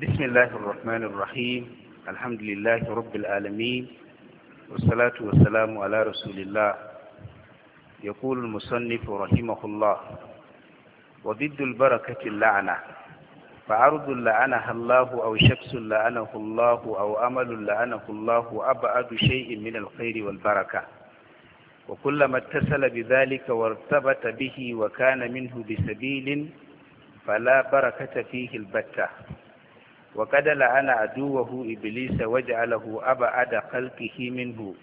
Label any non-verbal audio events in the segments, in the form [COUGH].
بسم الله الرحمن الرحيم الحمد لله رب العالمين والصلاة والسلام على رسول الله يقول المصنف رحمه الله وضد البركة اللعنة فعرض لعنها الله أو شخص لعنه الله أو أمل لعنه الله أبعد شيء من الخير والبركة وكلما اتصل بذلك وارتبط به وكان منه بسبيل فلا بركة فيه البتة وقد لعن عدوه إبليس وجعله أبعد خلقه منه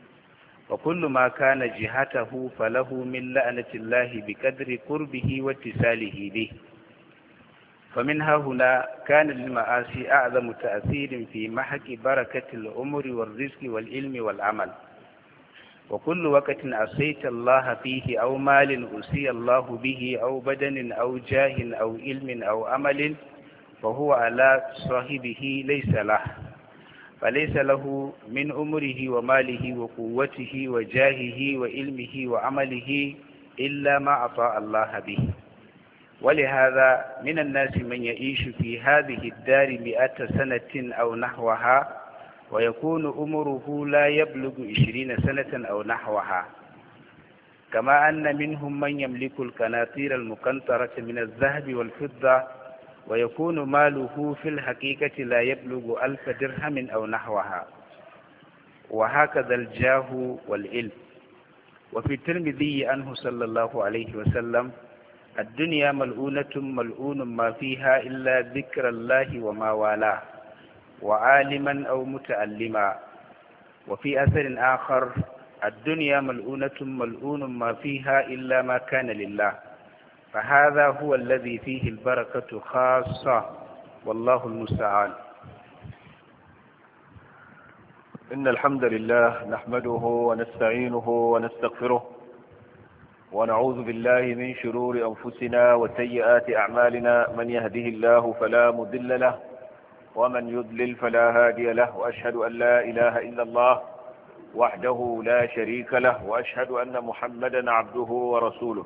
وكل ما كان جهته فله من لعنة الله بقدر قربه واتصاله به فمن ها هنا كان للمعاصي أعظم تأثير في محك بركة العمر والرزق والعلم والعمل وكل وقت عصيت الله فيه أو مال أوصي الله به أو بدن أو جاه أو علم أو أمل أو فهو على صاحبه ليس له فليس له من عمره وماله وقوته وجاهه وعلمه وعمله إلا ما أعطى الله به ولهذا من الناس من يعيش في هذه الدار مئة سنة أو نحوها ويكون عمره لا يبلغ عشرين سنة أو نحوها كما أن منهم من يملك القناطير المقنطرة من الذهب والفضة ويكون ماله في الحقيقة لا يبلغ ألف درهم أو نحوها وهكذا الجاه والعلم وفي الترمذي عنه صلى الله عليه وسلم الدنيا ملؤونة ملؤون ما فيها إلا ذكر الله وما والاه وعالما أو متعلما وفي أثر آخر الدنيا ملؤونة ملؤون ما فيها إلا ما كان لله فهذا هو الذي فيه البركة خاصة والله المستعان إن الحمد لله نحمده ونستعينه ونستغفره ونعوذ بالله من شرور أنفسنا وسيئات أعمالنا من يهده الله فلا مضل له ومن يضلل فلا هادي له وأشهد أن لا إله إلا الله وحده لا شريك له وأشهد أن محمدا عبده ورسوله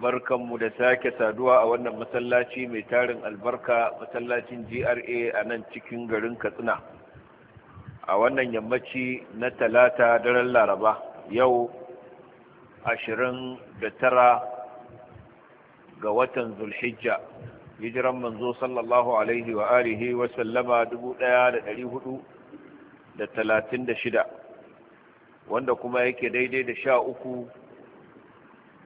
barkanmu da sake saduwa a wannan masallaci mai tarin albarka masallacin GRA a nan cikin garin Katsina a wannan yammaci na talata daren Laraba yau 29 ga watan Zulhijja hijiran manzo sallallahu alaihi wa alihi wa sallama 1436 wanda kuma yake daidai da sha uku.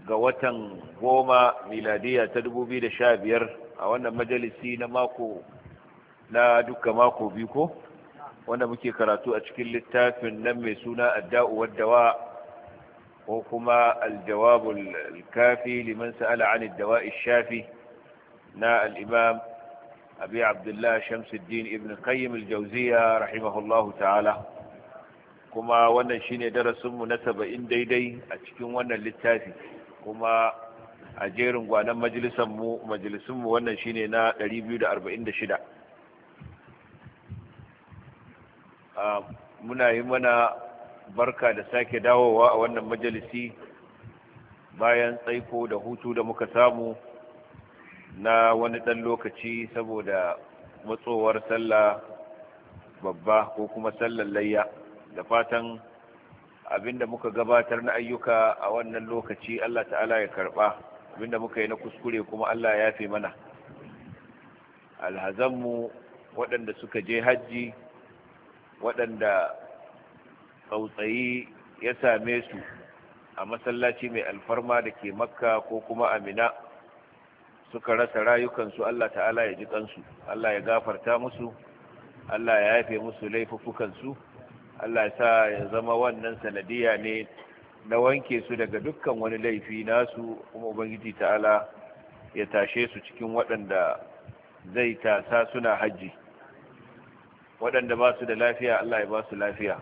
ga watan goma miladiya ta biyar, a wannan majalisi na mako na duka mako biyu ko wanda muke karatu a cikin littafin nan mai suna adda'u waddawa ko kuma aljawabul kafi liman sa'ala an addawa'i shafi na al-imam abi abdullah shamsuddin ibn qayyim al rahimahullahu ta'ala kuma wannan shine darasin mu na 70 daidai a cikin wannan littafi kuma a jerin gwanan majalisanmu majalisunmu wannan shine na 246 muna yi mana barka da sake dawowa a wannan majalisi bayan tsaiko da hutu da muka samu na wani ɗan lokaci saboda matsowar sallah babba ko kuma sallar layya da fatan abinda muka gabatar na ayyuka a wannan lokaci Allah ta'ala ya karba abinda muka yi na kuskure kuma Allah ya yafe mana alhazanmu waɗanda suka je hajji waɗanda tsautsayi ya same su a masallaci mai alfarma da ke makka ko kuma amina suka rasa rayukansu Allah ta'ala ya ji kansu Allah ya gafarta musu Allah ya haife musu laifuffukansu Allah ya sa ya zama wannan sanadiyya ne na wanke su daga dukkan wani laifi nasu kuma ubangiji ta'ala ya tashe su cikin waɗanda zai tasa suna hajji waɗanda ba su da lafiya Allah ya ba su lafiya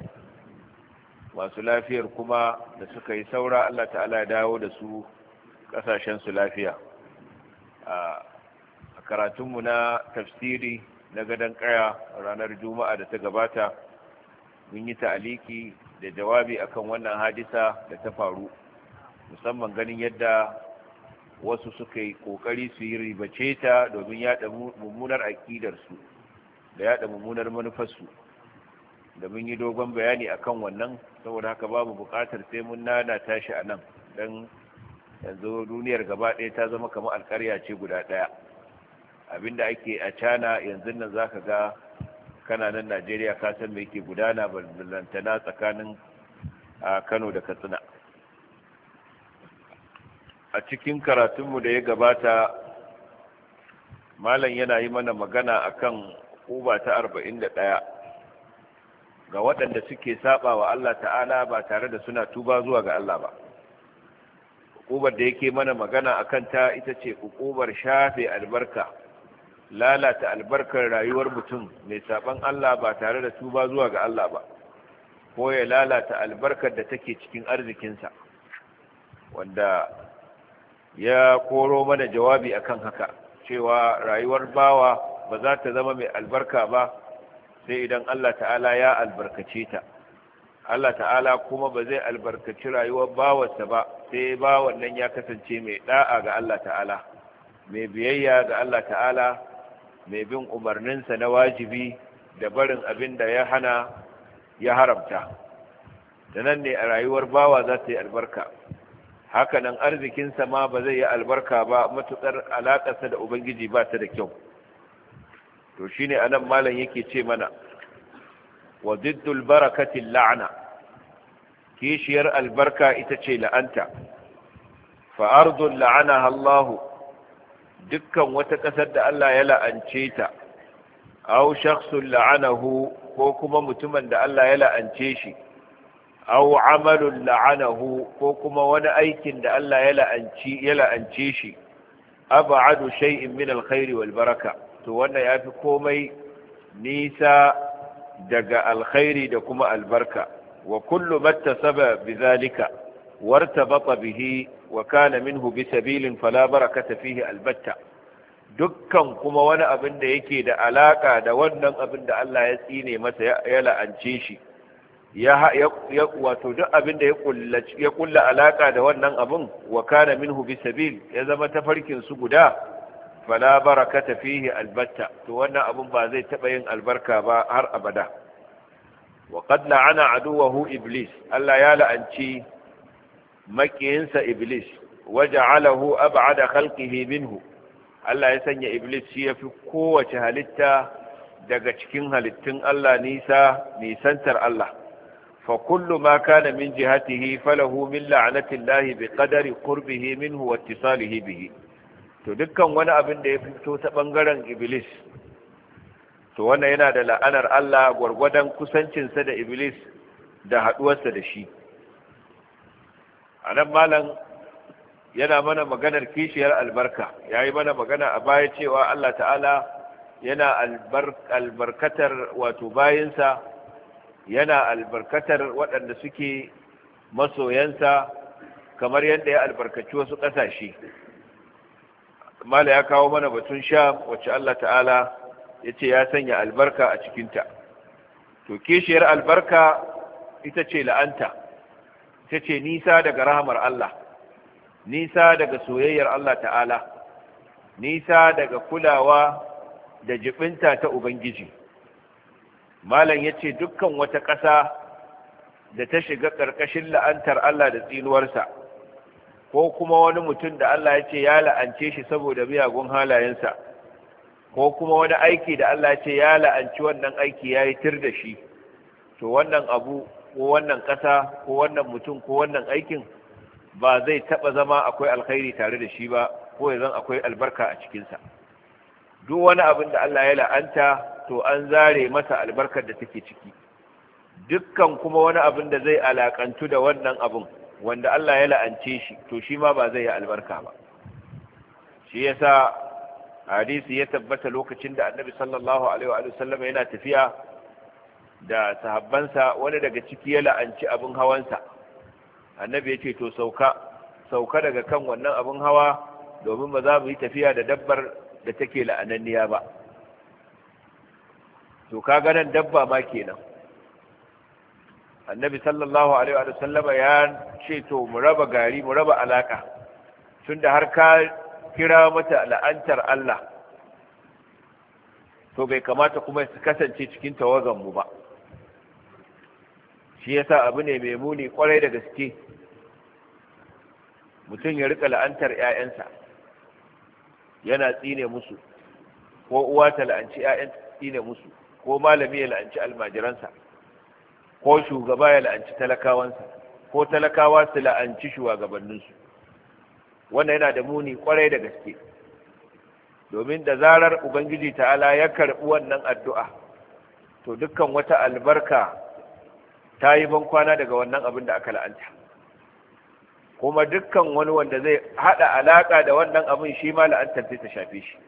masu lafiyar kuma da suka yi saura Allah ta'ala ya dawo da su ƙasashen su lafiya a karatunmu na tafsiri na gadon ƙaya ranar juma'a da ta gabata mun yi ta'aliki da jawabi akan wannan hadisa da ta faru musamman ganin yadda wasu suka yi kokari su yi ribace ta domin yada mummunar aƙidarsu da yada mummunar manufarsu da mun yi dogon bayani akan wannan saboda haka babu buƙatar sai mun nana tashi a nan don yanzu duniyar gaba ɗaya ta zama kamar alƙarya ce guda ɗaya abinda ake a cana yanzu nan za ka ga kananan najeriya ka san me yake gudana balantana tsakanin kano da katsina a cikin karatunmu da ya gabata malam yana yi mana magana akan uba ta arba'in da ɗaya ga waɗanda suke saba wa Allah ta'ala ba tare da suna tuba zuwa ga Allah ba hukumar da yake mana magana akan ta ita ce hukumar shafe albarka lalata albarkar rayuwar mutum mai saban Allah ba tare da tuba zuwa ga Allah ba ko ya lalata albarkar da take cikin arzikinsa wanda ya koro mana jawabi akan haka cewa rayuwar bawa ba za ta zama mai albarka ba sai idan Allah ta'ala ya albarkace ta Allah ta'ala kuma ba zai albarkaci rayuwar bawarsa ba sai bawan nan ya kasance mai da'a ga Allah ta'ala mai biyayya ga Allah ta'ala mai bin umarninsa na wajibi da barin abin da ya hana ya haramta da nan ne a rayuwar bawa za ta yi albarka hakanan arzikinsa ma ba zai yi albarka ba matuƙar alaƙarsa da ubangiji ba ta da kyau to shi ne a nan malam yake ce mana wa barakatin la'ana kishiyar albarka ita ce la'anta fa'ardun la'ana Allahu dukkan wata ƙasar da Allah ya la'ance ta Au shakhsun la'anahu ko kuma mutumin da Allah ya la'ance shi Au amalun la'anahu ko kuma wani aikin da Allah ya ya la'ance shi ab'adu shay'in min alkhairi wal baraka to wannan yafi komai nisa daga alkhairi da kuma albarka wa kullu mattasaba bizalika wartabata bihi wa kana minhu bi sabilin fala barakata fihi albatta dukkan kuma wani abin da yake da alaka da wannan abin da Allah ya tsine masa ya la'ance shi ya ya wato duk abin da ya kulla ya kulla alaka da wannan abin wa kana minhu bi sabil ya zama tafarkin su guda fala barakata fihi albatta to wannan abin ba zai taba yin albarka ba har abada wa qad la'ana aduwahu iblis Allah ya la'anci makiyinsa iblis waja'alahu ab'ada khalqihi minhu Allah ya sanya iblis shi yafi kowace halitta daga cikin halittun Allah nisa nisantar Allah fa kullu ma kana min jihatihi falahu min la'natillahi biqadari qurbihi minhu wa ittisalihi bihi to dukkan wani abin da ya fito ta bangaren iblis to wannan yana da la'anar Allah gwargwadon kusancinsa da iblis da haduwarsa da shi a nan malam yana mana maganar kishiyar albarka ya yi mana magana a baya cewa allah ta'ala yana albarkatar wato bayansa yana albarkatar waɗanda suke masoyansa kamar yadda ya albarkaci wasu ƙasashe mala ya kawo mana batun sha wacce allah ta'ala ya ce ya sanya albarka a cikinta to kishiyar albarka ita ce la'anta ita ce nisa daga rahamar Allah nisa daga soyayyar Allah ta'ala nisa daga kulawa da jibinta ta ubangiji malam ya ce dukkan wata ƙasa da ta shiga ƙarƙashin la'antar Allah da tsinuwarsa ko kuma wani mutum da Allah ya ce ya la'ance shi saboda miyagun halayensa ko kuma wani aiki da Allah ya ce ya la'anci wannan aiki ya yi tir da shi to wannan abu ko wannan ƙasa ko wannan mutum ko wannan aikin ba zai taɓa zama akwai alkhairi tare da shi ba ko ya zan akwai albarka a cikinsa duk wani abin da Allah ya la'anta to an zare masa albarkar da take ciki dukkan kuma wani abin da zai alakantu da wannan abin wanda Allah ya la'ance shi to shi ma ba zai yi albarka ba shi yasa hadisi ya tabbata lokacin da annabi sallallahu alaihi wa sallam yana tafiya da sahabbansa wani daga ciki ya la'anci abin hawansa annabi ya ce to sauka sauka daga kan wannan abin hawa domin ba za mu yi tafiya da dabbar da take la'ananniya ba to ka ganin dabba ma kenan annabi sallallahu alaihi wa sallama ya ce to mu raba gari mu raba alaka tunda har ka kira mata la'antar Allah to bai kamata kuma su kasance cikin tawagan mu ba shi sa abu ne mai muni kwarai da gaske mutum ya rika la'antar 'ya'yansa yana tsine musu ko uwa ta la'anci 'ya'yan tsine musu ko malami ya la'anci almajiransa ko shugaba ya la'anci talakawansa ko talakawa su la'anci shugabanninsu wannan yana da muni kwarai da gaske domin da zarar ubangiji ta'ala ya karɓi wannan addu'a to dukkan wata albarka ta yi bankwana daga wannan abin da aka la'anta kuma dukkan wani wanda zai hada alaka da wannan abin shi ma la'antar ta shafe shi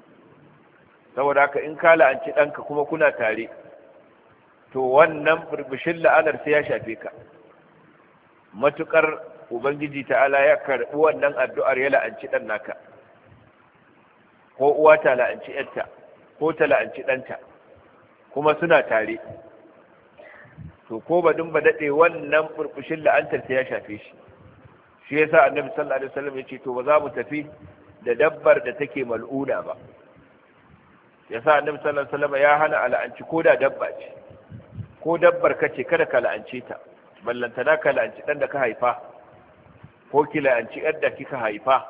saboda haka in ka la'anci ɗanka kuma kuna tare to wannan burbushin la'anar sai ya shafe ka matukar ubangiji ta'ala ya karɓi wannan addu'ar ya la'anci ɗan naka ko uwa ta la'anci ‘yarta ko ta la'anci ɗanta kuma suna tare to ko badin ba daɗe wannan burbushin la'antar ta ya shafe shi shi yasa annabi sallallahu alaihi wasallam ya ce to ba za mu tafi da dabbar da take mal'una ba yasa annabi sallallahu alaihi wasallam ya hana al'anci ko da dabba ce ko dabbar kace kada ka la'ance ta ballantana ka la'anci dan da ka haifa ko ki la'anci yar da kika haifa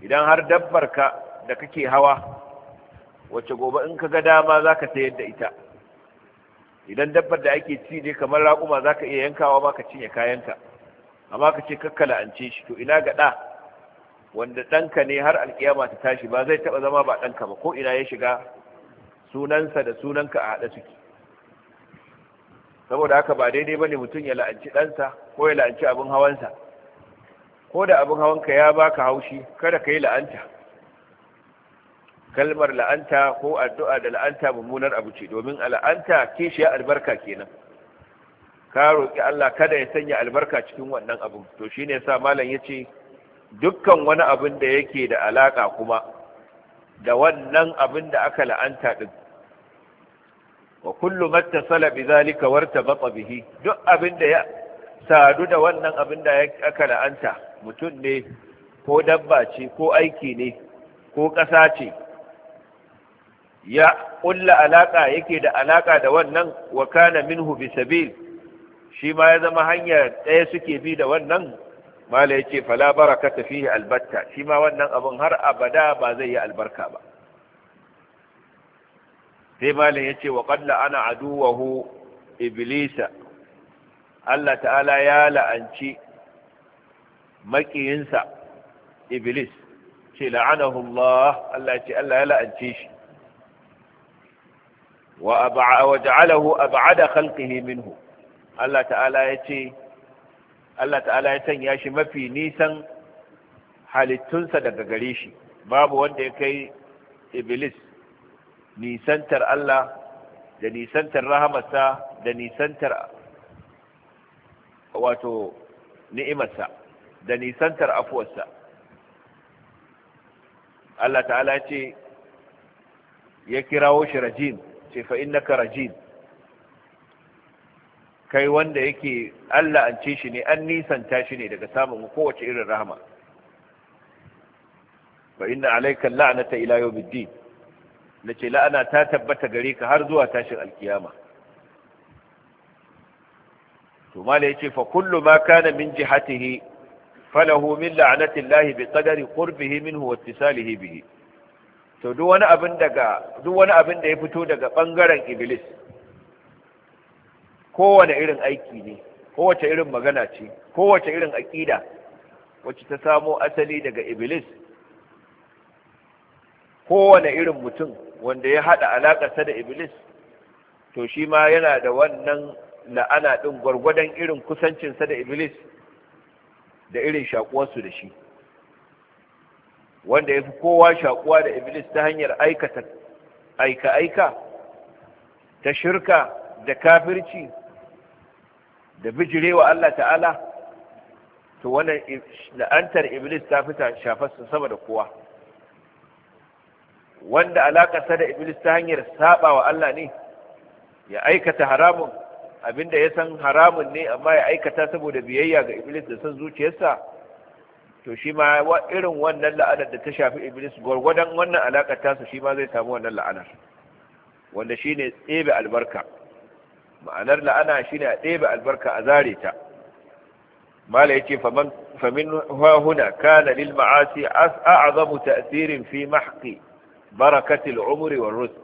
idan har dabbar ka da kake hawa wacce gobe in ka ga dama zaka sayar da ita idan dabbar da ake ci ne kamar raƙuma za ka iya yankawa ma ka cinye kayanka amma ka ce ka la'ance shi to ina ga ɗa wanda ɗanka ne har alƙiyama ta tashi ba zai taɓa zama ba ɗanka ba ko ina ya shiga sunansa da sunanka a haɗa suke saboda haka ba daidai ba ne mutum ya la'anci ɗansa ko ya la'anci abin hawansa ko da abin hawanka ya baka haushi kada ka yi la'anta kalmar la'anta ko addu'a da la'anta mummunar abu ce domin la'anta kishiya albarka kenan ka roƙi Allah kada ya sanya albarka cikin wannan abu. to shine yasa malam yace dukkan wani abin da yake da alaka kuma da wannan abin da aka la'anta din wa kullu mattasala zalika wartabata bihi duk abin da ya sadu da wannan abin da aka la'anta mutum ne ko dabba ce ko aiki ne ko ƙasa ce ya kulla alaka yake da alaka da wannan wa kana minhu sabil shi ma ya zama hanya ɗaya suke bi da wannan mala yace fala barakata fihi albatta shi ma wannan abun har abada ba zai yi albarka ba sai mala yace wa qalla ana aduwahu iblisa Allah ta'ala ya la'anci makiyinsa iblis ce la'anahu Allah Allah ya ce Allah ya la'ance shi wa ja'alahu ab'ada khalqihi minhu Allah ta'ala ya ce Allah ta'ala ya sanya shi mafi nisan halittunsa daga gare shi babu wanda ya kai iblis nisantar Allah da nisantar rahamarsa da nisantar wato ni'imarsa da nisantar afuwarsa Allah ta'ala ce ya kirawo shi rajim ce fa innaka rajim kai wanda yake Allah an ce shi ne an nisanta shi ne daga samun kowace irin rahama fa inna alayka la'nata ila yawmiddin nace la'ana ta tabbata gare ka har zuwa tashin alkiyama to mala yace fa kullu ma kana min jihatihi falahu min la'nati Allah bi qadari qurbihi minhu wa ittisalihi bihi to duk wani abin da ya fito daga bangaren iblis kowane irin aiki ne kowace irin magana ce kowace irin aƙida wacce ta samo asali daga iblis kowane irin mutum wanda ya haɗa alaƙarsa da iblis to shi ma yana da wannan la'ana ɗin gwargwadon irin kusancinsa da iblis da irin shakuwarsu da shi wanda ya fi kowa shakuwa da iblis ta hanyar aika-aika ta shirka da kafirci da bijirewa Allah ta'ala to wannan la'antar iblis ta fita shafarsa sama da kowa wanda alakarsa da iblis ta hanyar saba wa Allah ne ya aikata haramun abinda ya san haramun ne amma ya aikata saboda biyayya ga iblis da san zuciyarsa to shi ma irin wannan la'anar da ta shafi iblis gwargwadon wannan alaƙar tasa shi ma zai samu wannan la'anar wanda shi ne tsebe albarka ma'anar la'ana shi ne a tsebe albarka a zare ta mala ya ce famin huna kana lil ma'asi a'azamu ta'sirin fi mahqi barakatil umri wa rusk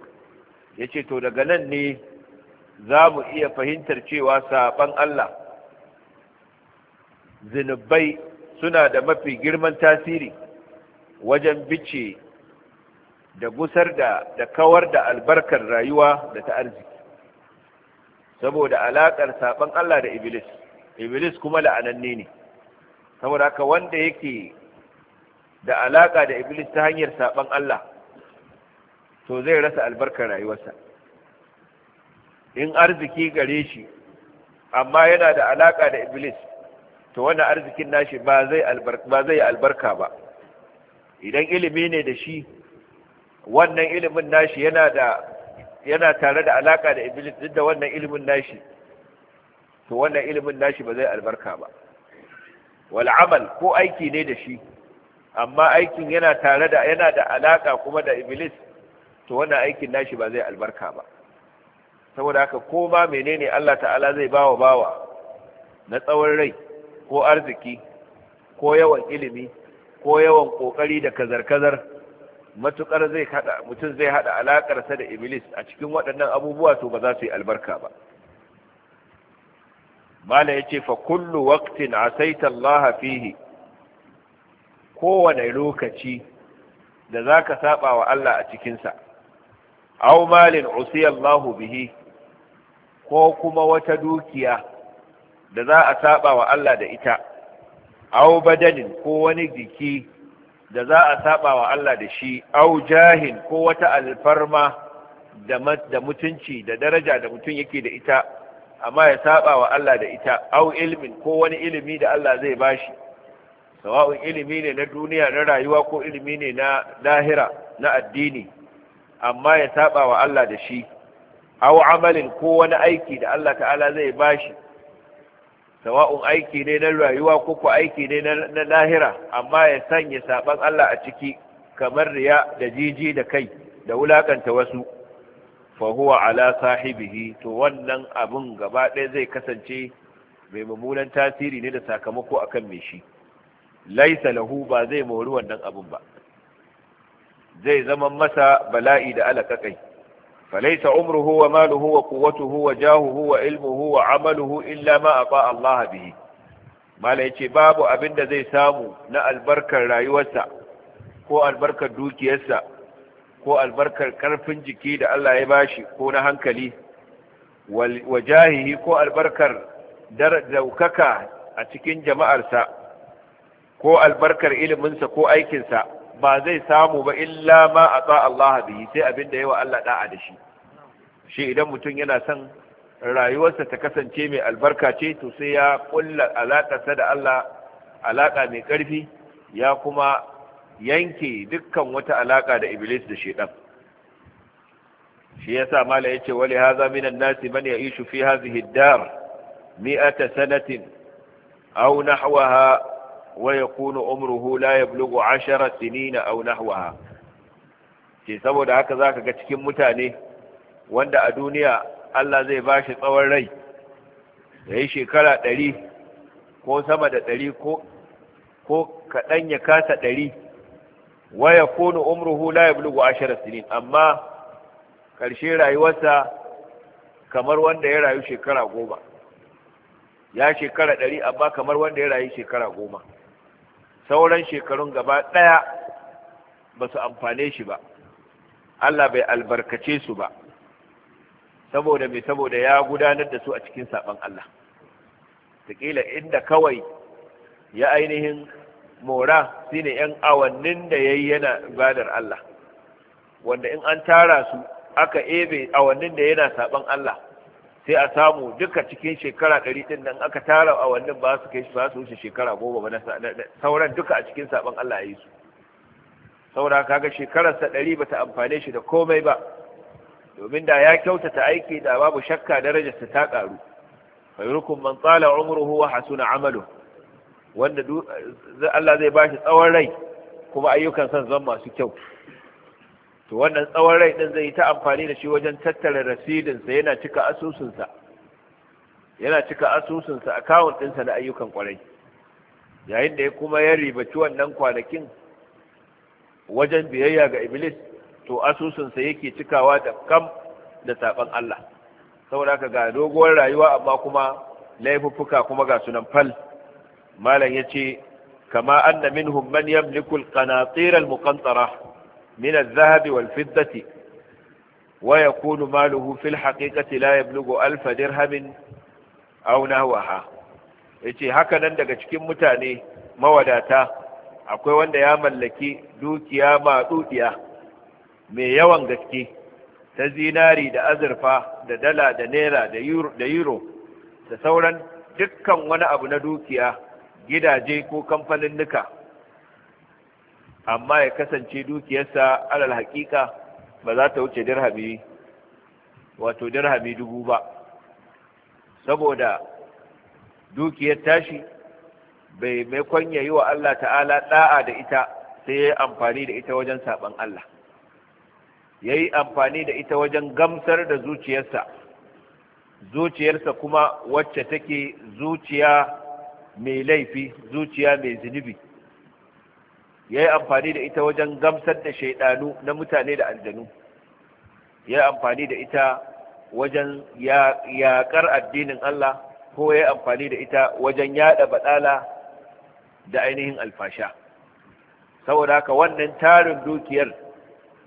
ya ce to daga nan ne za mu iya fahimtar cewa saɓan Allah zunubai suna da mafi girman tasiri wajen bice da gusar da da kawar da albarkar rayuwa da ta arziki saboda alaƙar saɓan Allah da Iblis Iblis kuma la'ananne ne saboda haka wanda yake da alaƙa da Iblis ta hanyar saɓan Allah to zai rasa albarkar rayuwarsa in arziki gare shi amma yana da alaƙa da Iblis to wannan arzikin nashi ba zai ba zai albarka ba idan ilimi ne da shi wannan ilimin nashi yana da yana tare da alaka da iblis duk da wannan ilimin nashi to wannan ilimin nashi ba zai albarka ba wal amal ko aiki ne da shi amma aikin yana tare da yana da alaka kuma da iblis to wannan aikin nashi ba zai albarka ba saboda haka ko ba menene Allah ta'ala zai bawa bawa na tsawon rai ko arziki ko yawan ilimi ko yawan kokari da kazar-kazar matukar zai hada mutum zai hada alakarsa da iblis a cikin waɗannan abubuwa to ba za su yi albarka ba mala yace fa kullu waqtin asaita Allah fihi kowane lokaci da zaka saba wa Allah a cikin sa aw malin usiya Allah bihi ko kuma wata dukiya da za a saba wa Allah da ita Au badanin ko wani jiki da za a saba wa Allah da shi Au jahin ko wata alfarma da mutunci da daraja da mutum yake da ita amma ya saba wa Allah da ita Au ilmin ko wani ilimi da Allah zai bashi sawa'un ilimi ne na duniya na rayuwa ko ilimi ne na lahira na addini amma ya saba wa Allah da shi Au amalin ko wani aiki da Allah ta'ala zai bashi sawa'un aiki ne na rayuwa ko ko aiki ne na lahira amma ya sanya saban Allah a ciki kamar riya da jiji da kai da wulakanta wasu fa huwa ala sahibihi to wannan abun gaba ɗaya zai kasance mai mummunan tasiri ne da sakamako akan mai shi laisa lahu ba zai mori wannan abun ba zai zama masa bala'i da alaƙaƙai. فليس عمره وماله وقوته وجاهه وعلمه وعمله إلا ما أطاع الله به ما ليتي باب أبن زي سامو نا البركة رايوسا كو البركة دوكيسا كو البركة كرفن جكيد الله يباشي كو نهنكلي وجاهه كو البركة در زوككا أتكين جماعة سا كو البركة إلمنسا كو أيكنسا ba zai samu ba illa ma a tsa Allah bihi sai abin da yawa Allah da'a da shi shi idan mutum yana son rayuwarsa ta kasance mai albarka ce to sai ya kulla alaƙarsa da Allah alaƙa mai ƙarfi ya kuma yanke dukkan wata alaƙa da iblis da shedan shi yasa mala yace wali haza minan nasi man ya'ishu fi hadhihi dar mi'ata sanatin aw nahwaha ويكون عمره umruhu يبلغ عشر سنين أو نحوها في ce saboda haka zaka ga cikin mutane wanda a duniya Allah zai bashi tsawon rai yayi shekara 100 ko sama da 100 ko ko ya kasa 100 wa yakunu umruhu la kamar wanda ya rayu shekara goma ya shekara dari amma kamar wanda ya rayu shekara goma sauran shekarun gaba ɗaya ba su amfane shi ba Allah bai albarkace su ba saboda mai saboda ya gudanar da su a cikin saɓan Allah taƙila inda kawai ya ainihin mora ne yan awannin da ya yi yana ibadar Allah wanda in an tara su aka ebe awannin da yana saɓan Allah sai a samu duka cikin shekara ɗari ɗin nan aka tara a wannan ba su kai ba su wuce shekara goma ba na sauran duka a cikin saɓon Allah ya yi su saura kaga shekararsa ɗari ba ta amfane shi da komai ba domin da ya kyautata aiki da babu shakka darajarsa ta ƙaru mai man tsala umruhu wa hasuna amalu wanda Allah zai ba shi tsawon rai kuma ayyukan san zan masu kyau to wannan tsawon rai ɗin zai yi ta amfani da shi wajen tattara rasidinsa yana cika asusunsa yana cika asusunsa akawun ɗinsa na ayyukan ƙwarai, yayin da ya kuma ya ribaci wannan kwanakin wajen biyayya ga iblis to asusunsa yake cikawa da kam da saɓan allah saboda ka ga doguwar rayuwa amma kuma laifuffuka kuma ga sunan fal malam ya ce kama anna minhum man yamliku al-qanatir من الذهب والفضة ويكون ماله في الحقيقة لا يبلغ ألف درهم أو نهوها yace haka nan daga cikin mutane mawadata akwai wanda ya mallaki dukiya maɗuɗiya mai yawan gaske ta zinari da azurfa da dala da naira da euro da sauran dukkan wani abu na dukiya gidaje ko kamfanin nuka amma ya kasance dukiyarsa alal haƙiƙa ba za ta wuce dirhami wato dirhami dubu ba saboda dukiyar tashi bai maikon ya yi wa Allah ta'ala ɗa'a da ita sai ya yi amfani da ita wajen saɓan Allah ya yi amfani da ita wajen gamsar da zuciyarsa zuciyarsa kuma wacce take zuciya mai laifi zuciya mai zunubi ya yi amfani da ita wajen gamsar da shaidanu na mutane da aljanu ya yi amfani da ita wajen yaƙar addinin Allah ko ya yi amfani da ita wajen yaɗa baɗala da ainihin alfasha saboda haka wannan tarin dukiyar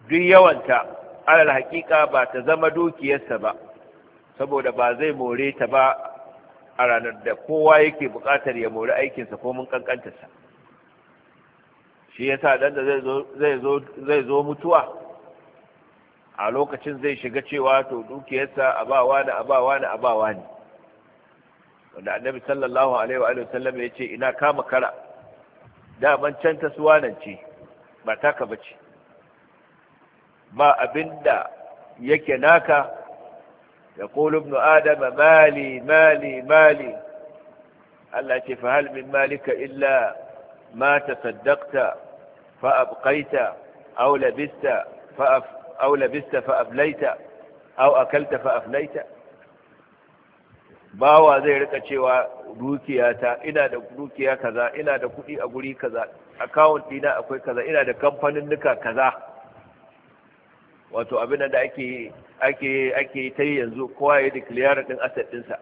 duk yawanta alal haƙiƙa ba ta zama dukiyarsa ba saboda ba zai more ta ba a ranar da kowa yake bukatar ya more aikinsa ko mun ƙanƙantarsa shi yasa dan da zai zo mutuwa a lokacin zai shiga cewa to dukiyarsa abawa da abawa da abawa ne wanda annabi sallallahu alaihi wa sallam ya ce ina kama kara Daban can ta suwanan ce ba taka bace ba abinda yake naka ya ko ibn adama mali mali mali Allah ce fa hal min malika illa ma tasaddaqta فأبقيت أو لبست فأف أو لبست فأبليت أو أكلت فأفليت bawa zai rika cewa dukiyata ina da dukiya kaza ina da kuɗi a guri kaza account ɗina akwai kaza ina da kamfanin nuka kaza wato abin da ake ake ake ta yanzu kowa ya declare din asset ɗinsa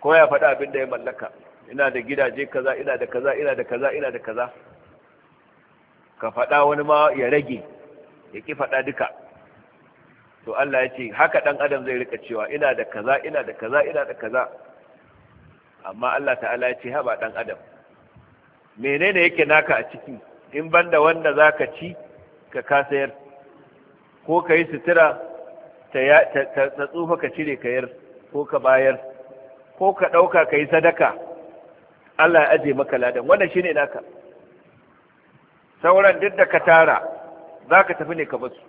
kowa ya faɗa abin da ya mallaka ina da gidaje kaza ina da kaza ina da kaza ina da kaza ka faɗa wani ma ya rage ya ƙi faɗa duka to Allah ya ce haka ɗan adam zai rika cewa ina da kaza ina da kaza ina da kaza amma Allah ta'ala ya ce haba ɗan adam menene yake naka a ciki in banda wanda za ka ci ka kasayar ko ka yi sutura ta tsufa ka cire ka yar, ko ka bayar ko ka ɗauka ka yi sadaka Allah ya ajiye maka ladan wannan shine naka sauran duk da ka tara za ka tafi ne ka basu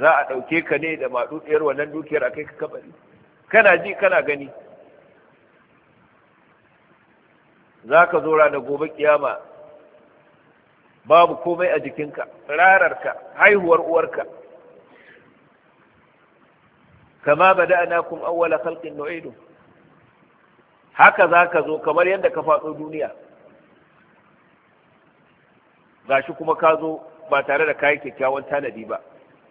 za a ɗauke ka ne da maɗuɗiyar wannan dukiyar a kai ka kabari kana ji kana gani za ka zo ranar gobe kiyama babu komai a jikinka rararka haihuwar uwarka kama bada'nakum awwala khalqin nu'idu haka za ka zo kamar yadda ka faɗo duniya gashi kuma ka zo ba tare da kayan kyakkyawan tanadi ba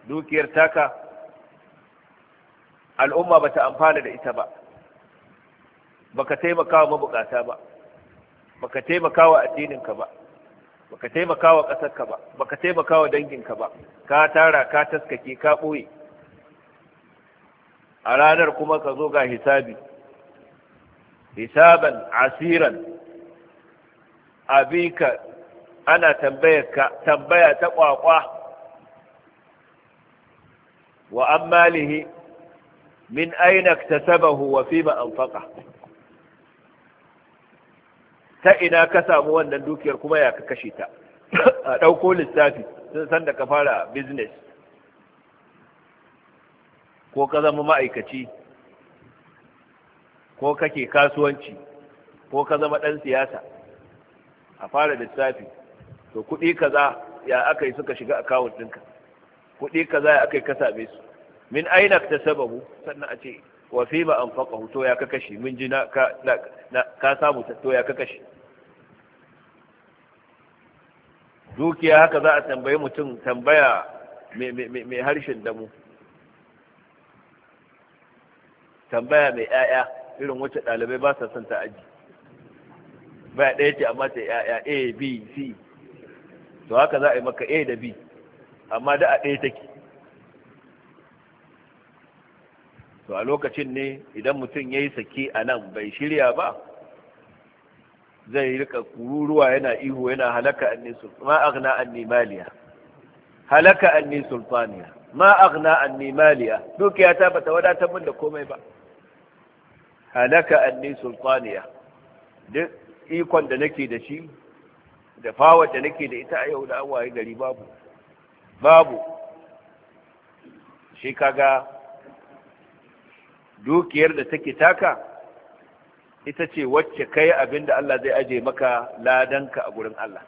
dukiyar taka al'umma ba ta amfana da ita ba baka taimaka wa mabukata ba baka taimaka wa addininka ba baka taimaka wa ƙasarka ba baka taimaka wa danginka ba ka tara ka taskake ka ɓoye a ranar kuma ka zo ga hisabi hisaban asiran abika ana tambaya ta kwakwa wa an malihi min aina tasabahu wa fi ma anfaqa ta ina ka samu wannan dukiyar kuma ya ka kashe ta [COUGHS] a ɗauko lissafi sun san da ka fara business ko ka zama ma'aikaci ko kake kasuwanci ko ka zama ɗan siyasa a fara lissafi to kuɗi kaza ya aka yi suka shiga akawun ɗinka kuɗi kaza ya aka yi ka same su min aina ta sababu sannan a ce wa fi ma anfaqahu to ya ka kashi min ji na ka samu to ya ka kashi dukiya haka za a tambayi mutum tambaya mai harshen damu tambaya mai ƴaƴa irin wacce ɗalibai ba sa son ta aji ba ɗaya ce amma ta ƴaƴa a b c to haka za a yi maka a da b amma da a ɗaya take to a lokacin ne idan mutum ya yi sake a nan bai shirya ba zai rika kururuwa yana ihu yana halaka an ma aghna anni maliya halaka anni sultaniya ma aghna anni dukiya ta bata wadatar min da komai ba halaka anni sulfaniya duk ikon da nake da shi da fawar da nake da ita a yau da awaye gari babu babu shi kaga dukiyar da take taka ita ce wacce kai abinda Allah zai aje maka ladanka a gurin Allah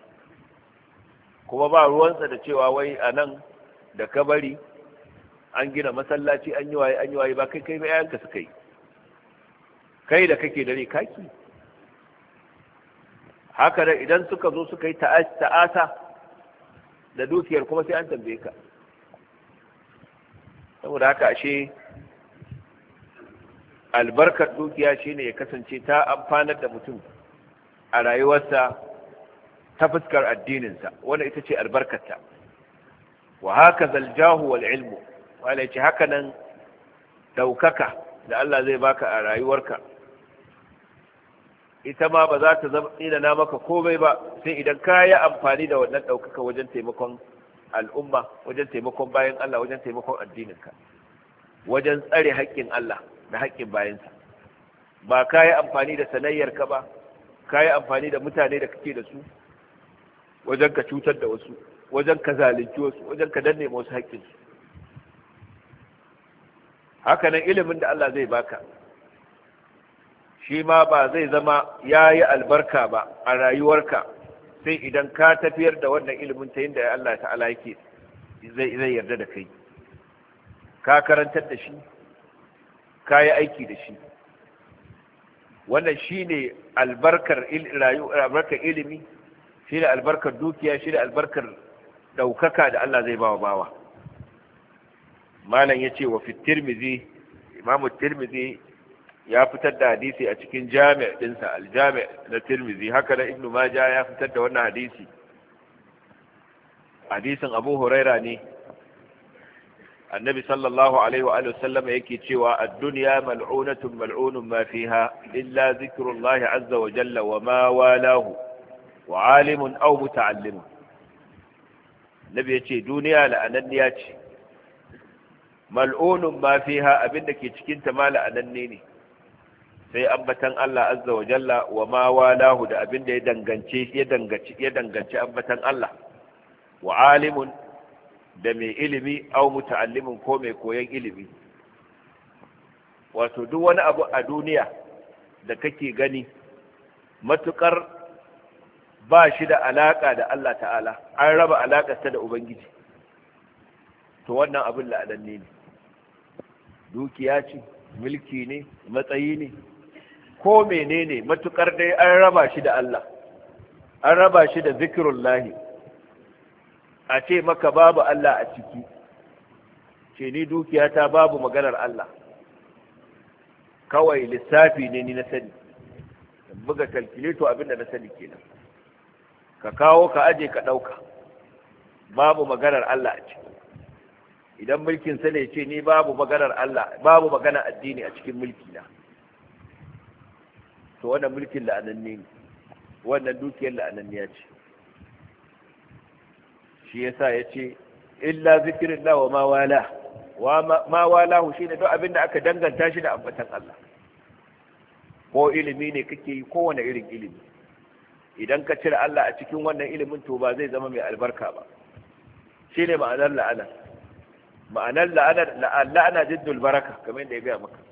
kuma ba ruwansa da cewa wai a nan da bari an gina masallaci an yi waye an yi waye ba kai kai ba 'ya'yanka suka yi kai da kake dare kaki haka nan idan suka zo suka yi ta'asa da dukiyar kuma sai an tambaye ka saboda haka ashe albarkar dukiya shine ya kasance ta amfanar da mutum a rayuwarsa ta fuskar addininsa wanda ita ce albarkarta wa haka zaljahu wal ilmu wala ce haka nan ɗaukaka da Allah zai baka a rayuwarka ita ma ba za ta zama na maka komai ba sai idan ka yi amfani da wannan ɗaukaka wajen taimakon al'umma wajen taimakon bayan Allah wajen taimakon addininka wajen tsare haƙƙin Allah da haƙƙin bayansa ba ka yi amfani da sanayyar ka ba ka yi amfani da mutane da kake da su wajen ka cutar da wasu wajen ka zalunci wasu wajen ka danne wasu haƙƙinsu haka nan ilimin da Allah zai baka shi ma ba zai zama ya yi albarka ba a rayuwarka sai idan ka tafiyar da wannan ilimin ta yadda Allah ta'ala yake zai yarda da kai ka karantar da shi ka yi aiki da shi wannan shi ne albarkar ilimi shi ne albarkar dukiya shi ne albarkar ɗaukaka da Allah zai bawa bawa malam ya ce wa fi tirmizi imamu tirmizi ya fitar da hadisi a cikin jami'a dinsa al-jami' na tirmizi haka na ibnu majah ya fitar da wannan hadisi hadisin abu huraira ne annabi sallallahu alaihi wa sallam yake cewa ad-dunya mal'unatun mal'unun ma fiha illa zikrullah azza wa jalla wa ma walahu wa alimun aw muta'allim nabi yace duniya la'ananniya ce mal'unun ma fiha abinda ke cikin ta ma la'ananne ne sai ambatan Allah azza wa jalla wa ma walahu da abin da ya dangance ya dangaci ya ambatan Allah wa alimun da mai ilimi au muta'allimin ko mai koyan ilimi wato duk wani abu a duniya da kake gani matukar ba shi da alaka da Allah ta'ala an raba alakar ta da ubangiji to wannan abin la'adanni ne dukiya ce mulki ne matsayi ne ko menene matukar dai an raba shi da Allah an raba shi da zikirullahi a ce maka babu Allah a ciki ce ni dukiya ta babu maganar Allah kawai lissafi ne ni na sani buga kalkileto abinda na sani kenan ka kawo ka aje ka ɗauka babu maganar Allah a ciki idan mulkin sa ne ce ni babu maganar Allah babu maganar addini a cikin mulki na to wannan mulkin la'ananne ne wannan dukiyar la'ananniya ce shi ya sa ya ce illa zikirin wa mawala wa mawala hu shi ne duk abin da aka danganta shi da ambatan Allah ko ilimi ne kake yi kowane irin ilimi idan ka cire Allah a cikin wannan ilimin to ba zai zama mai albarka ba shi ne ma'anar la'ana ma'anar la'ana la'ana jiddul baraka kamar yadda ya gaya maka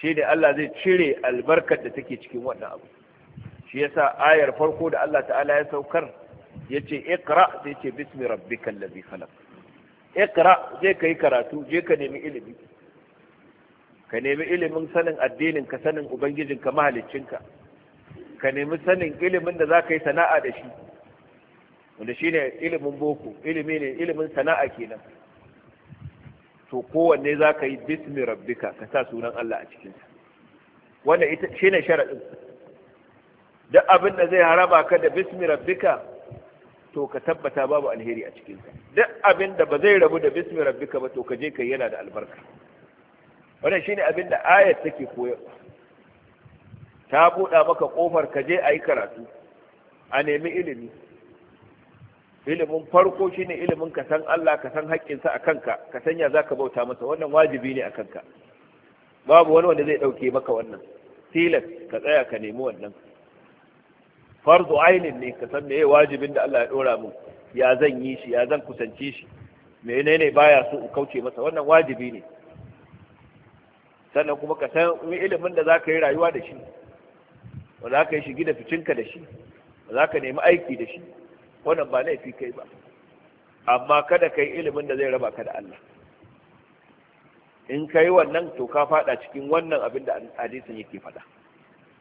shi ne Allah zai cire albarkar da take cikin wannan abu shi yasa ayar farko da Allah ta'ala ya saukar ya ce ikra zai ce bismi rabbikal ladhi khalaq ikra zai kai karatu je ka nemi ilimi ka nemi ilimin sanin addinin ka sanin ubangijin ka mahaliccinka ka nemi sanin ilimin da za ka yi sana'a da shi wanda shine ilimin boko ilimi ne ilimin sana'a kenan to kowanne za ka yi bismi rabbika ka sa sunan Allah a cikinsa wanda ita shi ne sharaɗin duk abin da zai haraba ka da bismi rabbika to ka tabbata babu alheri a cikinsa duk abin da ba zai rabu da bismi rabbika ba to ka je kai yana da albarka wannan ne abin da ayat take koyarwa ta buɗa maka ƙofar ka je a yi karatu a nemi ilimi ilimin farko shine ilimin ka san Allah ka san haƙƙinsa a kanka ka san ya zaka bauta masa wannan wajibi ne a kanka babu wani wanda zai ɗauke maka wannan tilas ka tsaya ka nemi wannan farzu ainin ne ka san me wajibin da Allah ya ɗora mu ya zan yi shi ya zan kusanci shi menene baya so in kauce masa wannan wajibi ne sannan kuma ka san ilimin da zaka yi rayuwa da shi ba za ka yi shigi da ficinka da shi ba za ka nemi aiki da shi wannan ba laifi kai ba amma kada kai ilimin da zai raba ka da Allah in kai wannan to ka fada cikin wannan abin da hadisin yake fada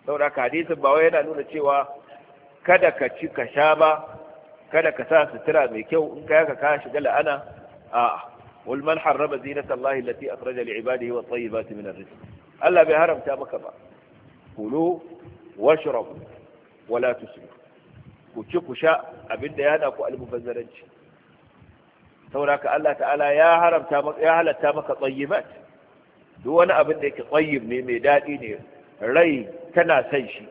saboda ka hadisin ba wai yana nuna cewa kada ka ci ka sha ba kada ka sa sutura mai kyau in kai ka ka shiga la'ana a'a wal man harrama zinata Allah allati akhraja li ibadihi wa tayyibati min ar-rizq Allah bai haramta maka ba kulu washrabu wala tusrifu ku ci ku sha abinda ya hana ku almubazzaranci sauraka Allah ta'ala ya haramta maka ya halatta maka tsayyibat duk wani abin da yake tsayyib ne mai dadi ne rai kana san shi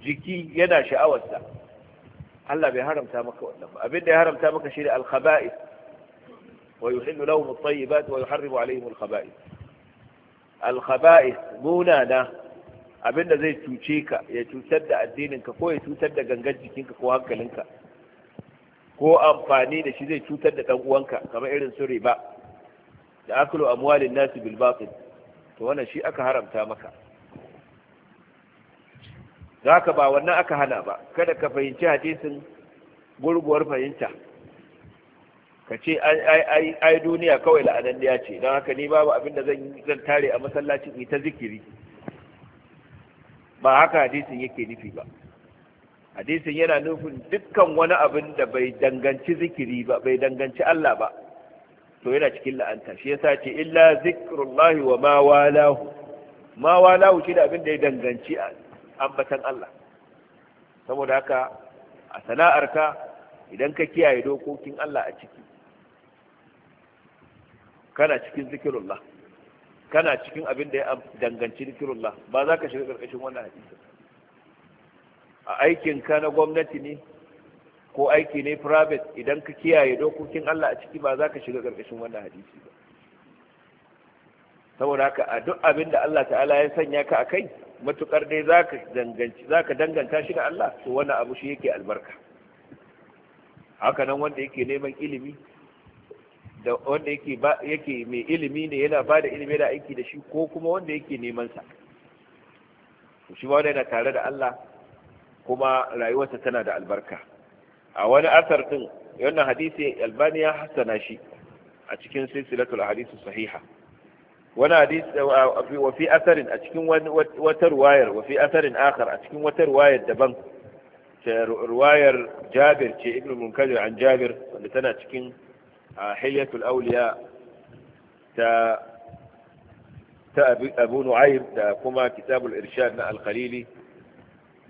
jiki yana sha'awar sa Allah bai haramta maka wannan ba abin da ya haramta maka shi ne al-khaba'ith wa yuhillu lahum at-tayyibat wa yuharrimu alayhim al-khaba'ith al-khaba'ith munana abin da zai cuce ka ya cutar da addininka ko ya cutar da gangar jikinka ko hankalinka ko amfani da shi zai cutar da ɗan uwanka kamar irin su riba da akulu amwalin nasu bilbatin to wannan shi aka haramta maka Za ka ba wannan aka hana ba kada ka fahimci hadisin gurguwar fahimta ka ce ai duniya kawai la'ananniya ce don haka ni babu abin da zan tare a masallacin ita zikiri ba haka hadisin yake nufi ba hadisin yana nufin dukkan wani abin da bai danganci zikiri ba bai danganci Allah ba to yana cikin la'anta shi yasa ce illa zikrullahi wa ma walahu ma walahu shi da abin da ya danganci ambatan Allah saboda haka a sana'arka idan ka kiyaye dokokin Allah a ciki kana cikin zikirullah kana cikin abin da ya danganci zikirullah ba za ka shiga karkashin wannan hadisi a aikin ka na gwamnati ne ko aiki ne private idan ka kiyaye dokokin Allah a ciki ba za ka shiga karkashin wannan hadisi ba saboda haka a duk abin da Allah ta'ala ya sanya ka a kai matukar dai za ka danganta shi da Allah to wannan abu shi yake albarka haka nan wanda yake neman ilimi da wanda yake ba yake mai ilimi ne yana ba da ilimi da aiki da shi ko kuma wanda yake neman sa to shi wanda yana tare da Allah kuma rayuwarsa tana da albarka a wani asar din wannan hadisi albani ya hasana shi a cikin silsilatul hadisi sahiha wani hadisi wa fi asarin a cikin wata ruwayar wa fi asarin akhar a cikin wata ruwayar daban ta ruwayar Jabir ce Ibn Munkadir an Jabir wanda tana cikin hilyatul auliya ta ta abu nu'aym da kuma kitabul irshad na al-khalili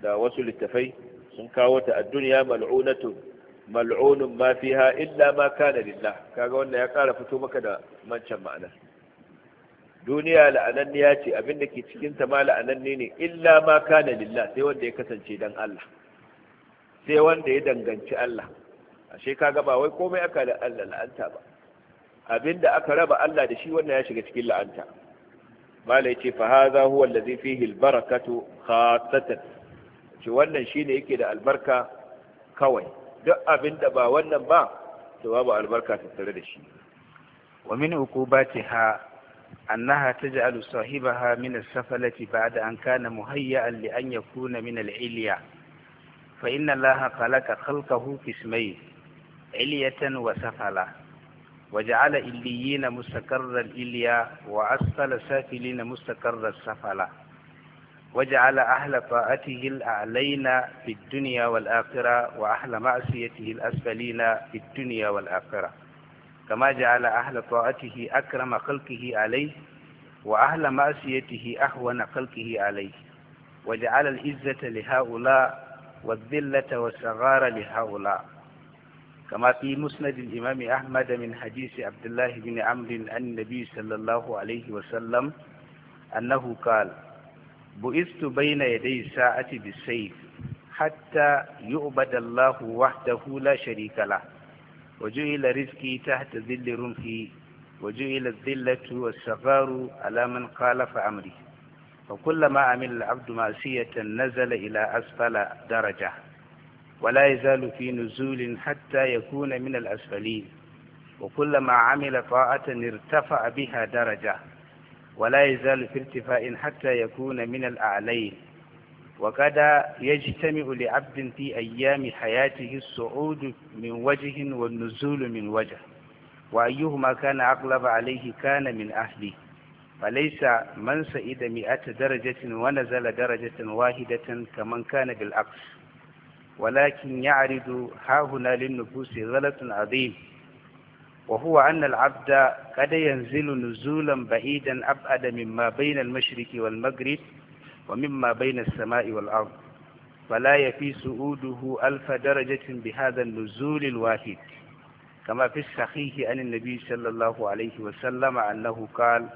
da wasu littafai sun kawo ta ad-dunya mal'unatun mal'unun ma fiha illa ma kana lillah kaga wannan ya kara fito maka da mancan ma'ana duniya la'ananniya ce abinda ke cikin ta ma la'ananne ne illa ma kana lillah sai wanda ya kasance dan Allah sai wanda ya danganci Allah ashe ka ga ba wai komai aka da la'anta ba abinda aka raba Allah da shi wannan ya shiga cikin la'anta mala yace fa hadha huwa allazi fihi albarakatu khassatan ce wannan shine yake da albarka kawai duk abinda ba wannan ba to babu albarka tattare da shi wa min uqubatiha أنها تجعل صاحبها من السفلة بعد أن كان مهيئا لأن يكون من العليا فإن الله خلق خلقه قسمين علية وسفلا وجعل إليين مستقر الإليا وأسفل سافلين مستقر السفلا وجعل أهل طاعته الأعلين في الدنيا والآخرة وأهل معصيته الأسفلين في الدنيا والآخرة كما جعل أهل طاعته أكرم خلقه عليه وأهل معصيته أهون خلقه عليه وجعل العزة لهؤلاء والذلة والصغار لهؤلاء كما في مسند الإمام أحمد من حديث عبد الله بن عمرو عن النبي صلى الله عليه وسلم أنه قال بعثت بين يدي الساعة بالسيف حتى يعبد الله وحده لا شريك له وجعل رزقي تحت ذل رمحي وجعل الذلة والصغار على من خالف أمري وكلما عمل العبد معصية نزل إلى أسفل درجة ولا يزال في نزول حتى يكون من الأسفلين وكلما عمل طاعة ارتفع بها درجة ولا يزال في ارتفاع حتى يكون من الأعلين وقد يجتمع لعبد في أيام حياته الصعود من وجه والنزول من وجه وأيهما كان أغلب عليه كان من أهله فليس من سئد مئة درجة ونزل درجة واحدة كمن كان بالعكس ولكن يعرض هاهنا للنفوس غلط عظيم وهو أن العبد قد ينزل نزولا بعيدا أبعد مما بين المشرق والمغرب ومما بين السماء والأرض فلا يفي سعوده ألف درجة بهذا النزول الواحد كما في الصحيح عن النبي صلى الله عليه وسلم أنه قال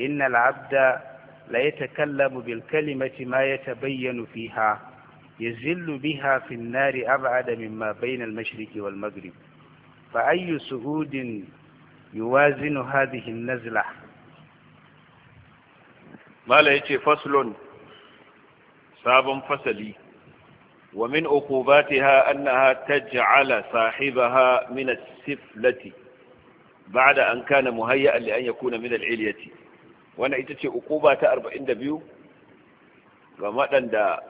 إن العبد لا يتكلم بالكلمة ما يتبين فيها يزل بها في النار أبعد مما بين المشرق والمغرب فأي سهود يوازن هذه النزلة ما لا يتي فصل صعب فصلي ومن عقوباتها أنها تجعل صاحبها من السفلة بعد أن كان مهيئا لأن يكون من العلية وأنا إتتي أربعين دبيو ga دا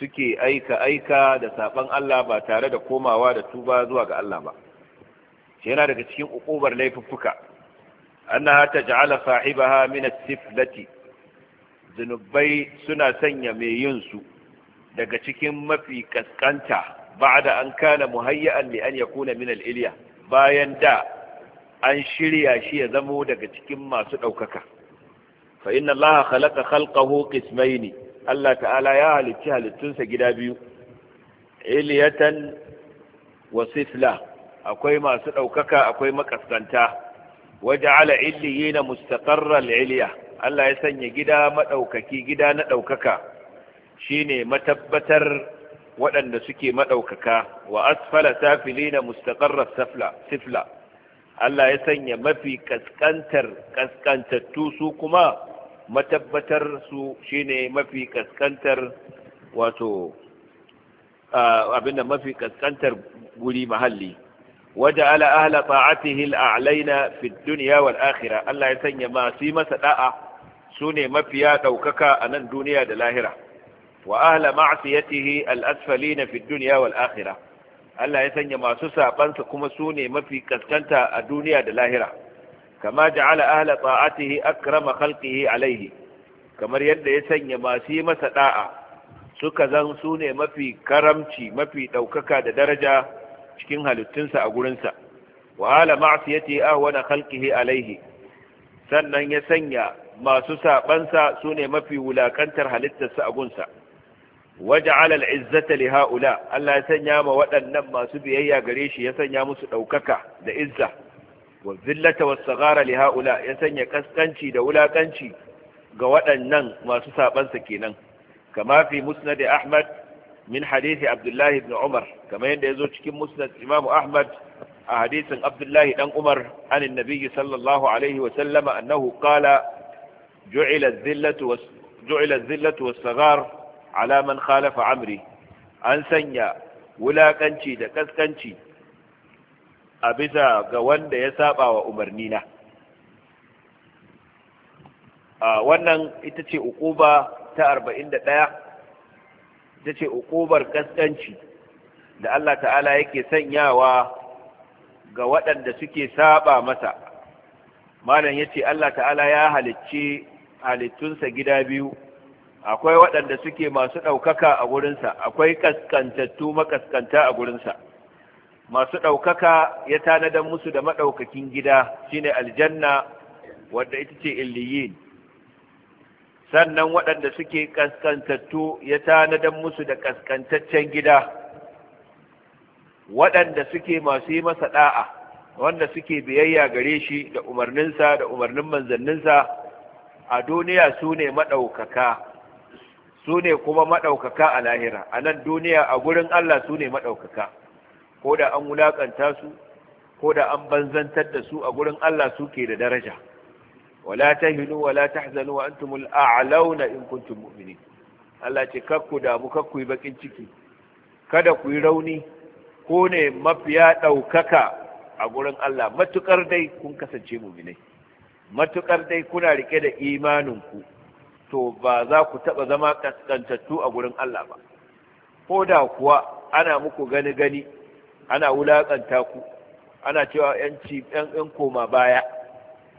suke aika aika da saban Allah ba tare da komawa da tuba zuwa ga Allah ba shi yana daga cikin ukubar laifuffuka annaha taj'ala sahibaha min as-siflati zunubai suna sanya mai yin su daga cikin mafi kaskanta ba'da an kana muhayyan li an yakuna min al bayan da an shirya shi ya zamo daga cikin masu ɗaukaka. fa inna allaha khalaqa khalqahu qismaini Allah ta'ala ya halicci halittunsa gida biyu iliyatan wa sifla akwai masu ɗaukaka akwai makaskanta waje ala illiyi na mustaƙarar iliya Allah ya sanya gida maɗaukaki gida na ɗaukaka shine matabbatar waɗanda suke maɗaukaka wa asfala safili na mustaƙarar sifla Allah ya sanya mafi kaskantar kaskantattu su kuma matabbatar su shine mafi kaskantar wato abinda mafi kaskantar guri mahalli wadda ala ahla ta'atihi al'alaina Fid dunya wal akhirah Allah ya sanya masu masa da'a ne mafiya daukaka a nan duniya da lahira wa ahla ma'siyatihi al'asfalina fid dunya wal akhirah Allah ya sanya masu sabansa kuma su ne mafi kaskanta a duniya da lahira kama ja'ala ahla ta'atihi akrama khalqihi alaihi kamar yadda ya sanya masu yi masa da'a suka zan sune mafi karamci mafi ɗaukaka da daraja cikin halittunsa a gurinsa wa hala ma'siyati ahwana khalqihi alaihi sannan ya sanya masu saɓansa su mafi wulakantar halittarsa a gunsa waja'ala al'izzata li ha'ula Allah ya sanya ma waɗannan masu biyayya gare shi ya sanya musu ɗaukaka da izza wa zillata was sagara li ya sanya kaskanci da wulakanci ga waɗannan masu sabansa kenan kama fi musnad ahmad min hadisi abdullahi ibn umar kama yadda ya zo cikin musnad imamu ahmad a hadisin abdullahi dan umar an annabi sallallahu alaihi wa sallama annahu qala ju'ila adh-dhillatu was ju'ila was-saghar ala man khalafa amri an sanya wulakanci da kaskanci a bisa ga wanda ya saba wa umarni na wannan ita ce ukuba ta 41 ita ce ukubar kaskanci da Allah ta'ala yake sanyawa ga waɗanda suke saba masa malam yace Allah ta'ala ya halicci halittunsa gida biyu akwai waɗanda suke masu ɗaukaka a gurinsa akwai kaskantattu makaskanta a gurinsa masu ɗaukaka ya tanadan musu da maɗaukakin gida shine aljanna wadda ita ce illiyin sannan waɗanda suke ƙasƙantattu ya tanadan musu da ƙasƙantaccen gida waɗanda suke masu yi masa ɗa'a wanda suke biyayya gare shi da umarninsa da umarnin manzanninsa a duniya su ne maɗaukaka su ne kuma maɗaukaka a lahira a nan duniya a gurin Allah su ne maɗaukaka ko da an wulakanta su ko da an banzantar da su a gurin Allah suke da daraja wala tahinu wala tahzanu wa antumul a'launa in kuntum mu'minin Allah ce kakku damu kakku yi bakin ciki kada ku yi rauni ko ne mafiya ɗaukaka a gurin Allah matukar dai kun kasance mu'minai matukar dai kuna rike da imanin ku to ba za ku taɓa zama kaskantattu a gurin Allah ba ko da kuwa ana muku gani gani ana wulaƙanta ku ana cewa yanci yan yan koma baya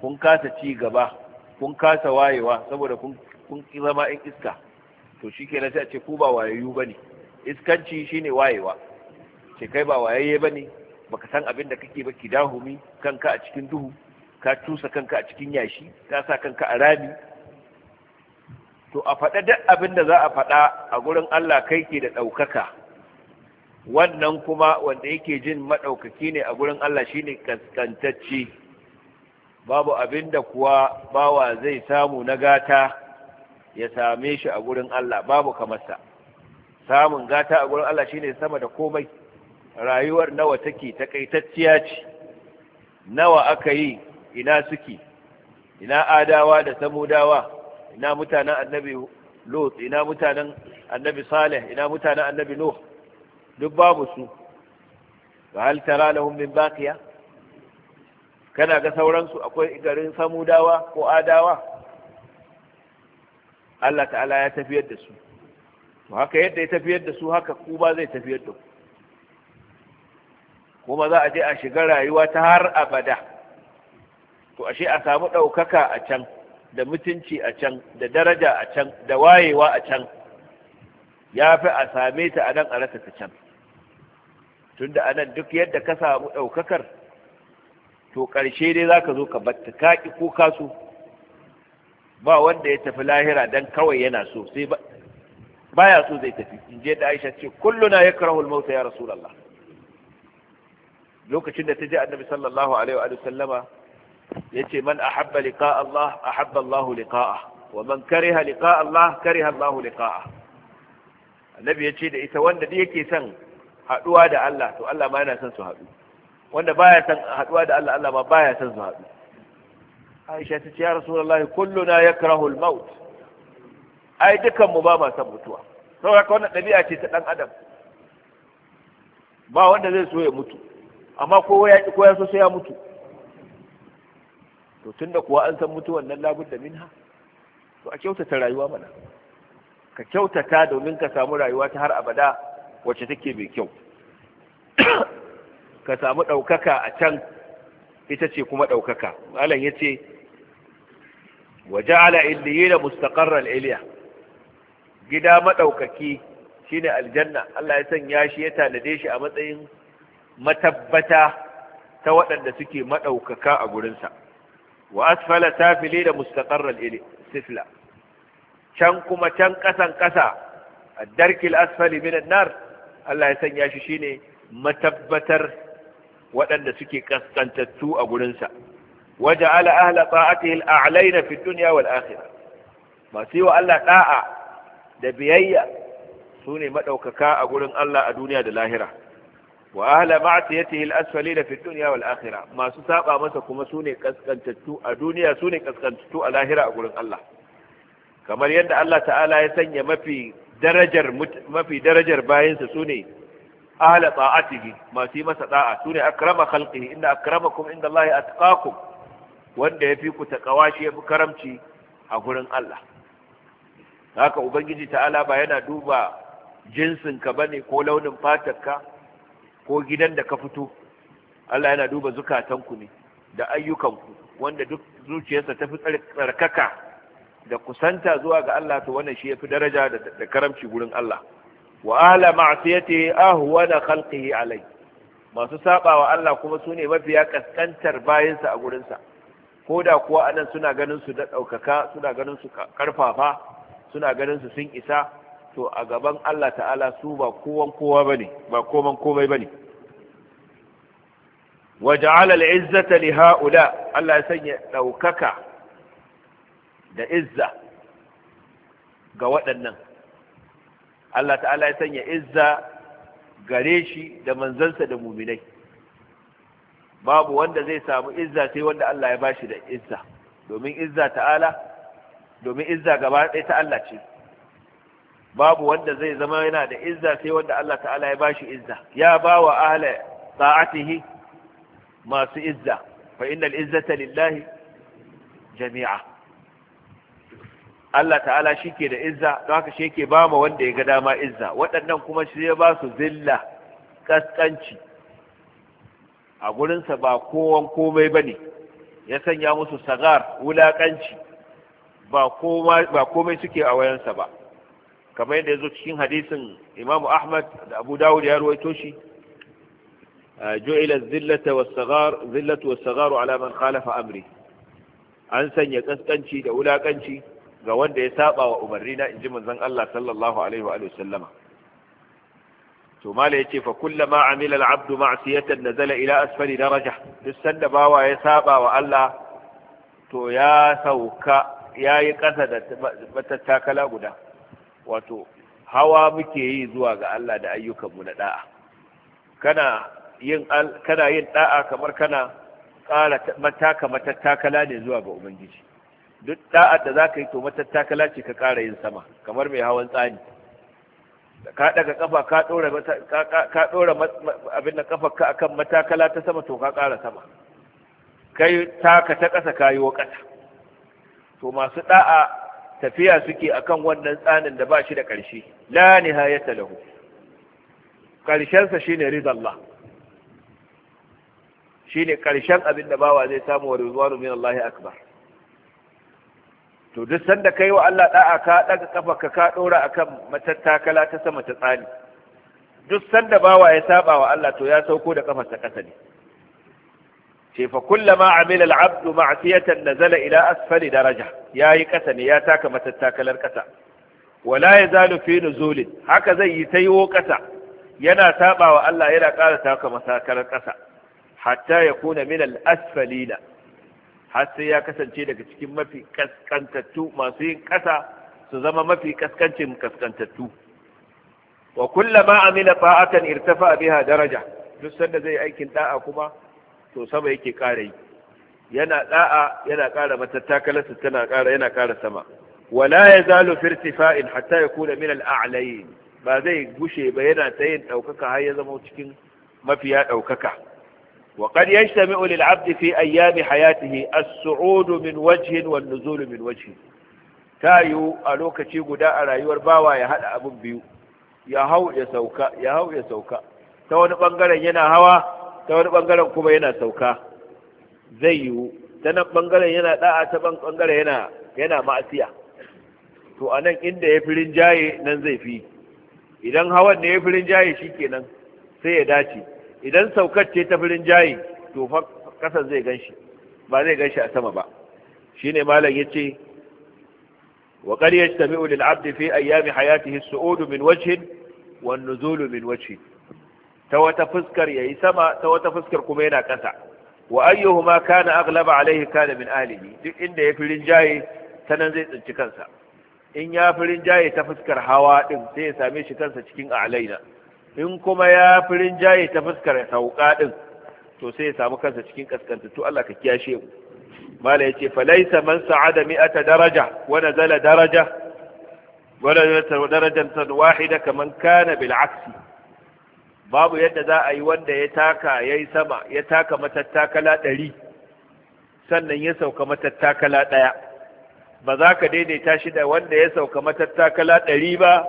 kun kasa ci gaba kun kasa wayewa saboda kun kun zama yan iska to shikenan sai a ce ku ba wayayyu bane iskanci shine wayewa ce kai ba wayayye bane baka san abin da kake ba kidahumi kanka a cikin duhu ka cusa kanka a cikin yashi ka sa kanka a rami to a faɗa duk abin da za a faɗa a gurin Allah kai ke da ɗaukaka wannan kuma wanda yake jin maɗaukaki ne a gurin Allah shine kaskantacci. babu abin da kuwa bawa zai samu na gata ya same shi a gurin Allah babu kamarsa samun gata a gurin Allah shine sama da komai rayuwar nawa take takaitacciya ce nawa aka yi ina suke ina adawa da samudawa ina mutanen annabi lot ina mutanen annabi salih ina mutanen annabi nuh duk babu su ga hal tara lahum bakiya? kana ga sauransu akwai garin samudawa ko adawa Allah ta'ala ya tafiyar da su to haka yadda ya tafiyar da su haka kuma zai tafiyar da ku kuma za a je a shiga rayuwa ta har abada to ashe a samu ɗaukaka a can da mutunci a can da daraja a can da wayewa a can ya fi a same ta a nan a rasa ta can tunda a nan duk yadda ka samu ɗaukakar to ƙarshe dai za ka zo ka batta kaƙi ko kasu ba wanda ya tafi lahira dan kawai yana so sai ba baya so zai tafi in je da Aisha ce ya yakrahul maut ya Rasulallah. lokacin da ta ji annabi sallallahu alaihi wa sallama yace man ahabba liqa Allah ahabba Allah liqa'a, wa man kariha liqa Allah kariha Allah liqa'a. annabi ya ce da ita wanda da yake son haɗuwa da Allah to Allah ma yana son su haɗu wanda baya son haɗuwa da Allah Allah ma baya son su haɗu Aisha ta ce ya Rasulullahi kulluna yakrahu al-maut ai dukan mu ba ma son mutuwa saboda ka wannan ɗabi'a ce ta ɗan adam ba wanda zai so ya mutu amma kowa ya ki koya so sai ya mutu to tunda kuwa an san mutuwan nan labudda minha to a kyautata rayuwa mana ka kyautata domin ka samu rayuwa ta har abada wacce take mai kyau [COUGHS] ka samu ɗaukaka a can ita ce kuma ɗaukaka malam ya ce wa ja'ala da mustaqarral al'iliya. gida maɗaukaki shine aljanna Allah ya sanya shi ya tanade shi a matsayin matabbata ta waɗanda suke maɗaukaka a gurinsa wa asfala safili da mustaqarral al'iliya. can kuma can ƙasan ƙasa a darkil asfali minan nar Allah ya sanya shi shine matabbatar waɗanda suke kaskantattu a gurinsa waje ala ahla ta'atihi al'alaina fi dunya wal akhirah masu yi wa Allah da'a da biyayya su ne madaukaka a gurin Allah a duniya da lahira wa ahla ma'siyatihi al-asfalina fi dunya wal akhirah masu saba masa kuma su ne kaskantattu a duniya su ne kaskantattu a lahira a gurin Allah kamar yadda Allah ta'ala ya sanya mafi darajar mafi darajar bayinsa sune ahla ta'atihi masu yi masa da'a sune akrama khalqihi inna akramakum inda Allah atqakum wanda yafi ku takawa shi yafi karamci a gurin Allah haka ubangiji ta'ala ba yana duba jinsin ka bane ko launin fatar ka, ko gidan da ka fito Allah yana duba zukatanku ne da ayyukanku wanda duk zuciyarsa ta fi tsarkaka da kusanta zuwa ga Allah to wannan shi yafi daraja da karamci gurin Allah wa ala ma'siyati ahwana khalqihi alai masu sabawa Allah kuma su ne mafiya kaskantar bayansa a gurin sa ko da kuwa anan suna ganin su da daukaka suna ganin su karfafa suna ganin su sun isa to a gaban Allah ta'ala su ba kowan kowa bane ba koman komai bane waja'ala al'izzata izzata li ha'ula Allah ya sanya daukaka da izza ga waɗannan Allah ta'ala ya sanya izza gare shi da manzansa da muminai babu wanda zai samu izza sai wanda Allah ya bashi da izza domin izza ta'ala domin izza gaba ɗaya ta Allah ce babu wanda zai zama yana da izza sai wanda Allah ta'ala ya bashi izza ya ba wa ahla ta'atihi masu izza fa innal izzata lillahi jami'a Allah ta'ala shi ke da izza don haka shi yake ba ma wanda ya ga dama izza waɗannan kuma shi ya ba su zilla kaskanci a gurinsa ba kowan komai ba ne ya sanya musu sagar wulaƙanci ba komai suke a wayansa ba kamar yadda ya zo cikin hadisin Imam ahmad da abu dawud ya ruwaito shi ju'ila zillata was-sagar zillatu was-sagaru ala man khalafa amri an sanya kaskanci da wulaƙanci ga wanda ya saba wa umarni na inji manzon Allah sallallahu alaihi wa sallama to mala yace fa kullama amila al-abdu ma'siyatan nazala ila asfali daraja duk sanda bawa ya saba wa Allah to ya sauka yayi kasa da matattakala guda wato hawa muke yi zuwa ga Allah da ayyukanmu na da'a kana yin kana yin da'a kamar kana ƙara mataka matattakala ne zuwa ga ubangiji duk da'ar da za ka yi to matattakala ce ka ƙara yin sama kamar mai hawan tsani ka daga kafa ka ɗora ka abin da kafa ka akan matakala ta sama to ka ƙara sama kai taka ta ƙasa ka yi wa ƙasa to masu da'a tafiya suke akan wannan tsanin da ba shi da ƙarshe la nihayata lahu ƙarshensa shine rizallah shine ƙarshen abin da bawa zai samu wa rizwanu min akbar to duk sanda kai wa Allah da'a ka daga kafarka ka dora akan matattakala ta sama ta tsani duk sanda bawa ya saba wa Allah to ya sauko da kafarsa kasa ne ce fa kullama amila al-abd ma'siyatan nazala ila asfali daraja yayi kasa ne ya taka matattakalar kasa wala yazalu fi nuzulin haka zai yi taiwo kasa yana saba wa Allah yana ƙara taka masakarar kasa hatta yakuna min al-asfalina har sai ya kasance daga cikin mafi kaskantattu masu yin ƙasa su zama mafi kaskancin kaskantattu wa kullama amila fa'atan irtafa biha daraja duk sanda zai aikin da'a kuma to sama yake ƙara yi yana da'a yana ƙara matattakalarsa tana ƙara yana ƙara sama wala yazalu fi irtifa'in hatta yakuna min al ba zai gushe ba yana ta yin ɗaukaka har ya zama cikin mafiya ɗaukaka وقد يجتمع للعبد في أيام حياته السعود من وجه والنزول من وجه تايو ألوك تشيقو داء رايور باوا يهد أبو بيو يهو يسوكا يهو يسوكا تون بانغالا ينا هوا تون بانغالا كما ينا سوكا زيو تنب بانغالا ينا داء تبان بانغالا ينا ينا معسيا تو a nan inda جاي ننزي فيه إذن هوا fi جاي شيكي نن سيداتي idan saukar ce ta firin jayi to fa kasan zai ganshi ba zai ganshi a sama ba shine malam ce, wa qad yajtami'u lil 'abd fi ayyami hayatihi as-su'ud min wajhin wan nuzul min wajhin ta wata fuskar yayi sama ta wata fuskar kuma yana kasa wa ayyuhuma kana aghlaba alayhi kana min alihi duk inda ya firin jayi sanan zai tsinci kansa in ya firin jayi ta fuskar hawa din sai ya same shi kansa cikin a'laina in kuma ya firin jaye ta fuskar sauka din to sai ya samu kansa cikin to Allah ka kiyashe mu mala yace laysa man sa'ada mi'ata daraja wa nazala daraja wa nazala darajatan wahida kaman kana bil aksi babu yadda za a yi wanda ya taka yayi sama ya taka matattakala ɗari sannan ya sauka matattakala ɗaya ba za ka daidaita shi da wanda ya sauka matattakala ɗari ba